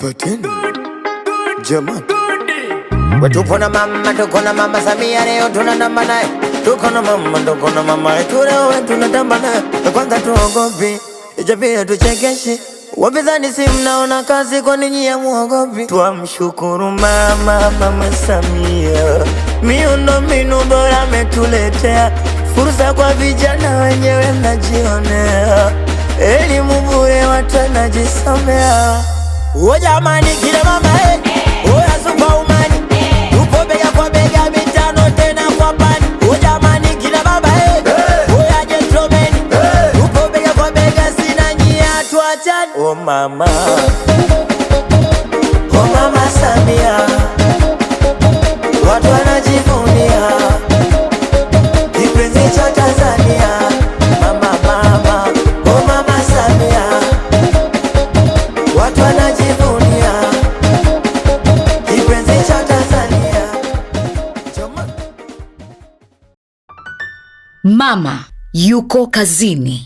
Patin Jamaa. We tuko na mama, tuko na mama Samia leo tunadamba naye. Tuko na mama, tuko na mama yetu eh, leo tunatamba naye. Kwanza tuogopi, ijabia tuchekeshe. Wapinzani si mnaona kazi kwa ninyi ya muogopi. Twamshukuru mama, mama Samia. Miundo mbinu bora ametuletea. Fursa kwa vijana wenyewe mnajionea. Elimu bure watu wanajisomea. O oh, jamani, kile mama eh, oya oh, super woman, upo bega kwa bega mitano tena kwa pani. O oh, jamani, kile baba eh, eh. oya gentleman, eh. upo bega kwa bega sina nyia, tuachane. O mama Mama yuko kazini.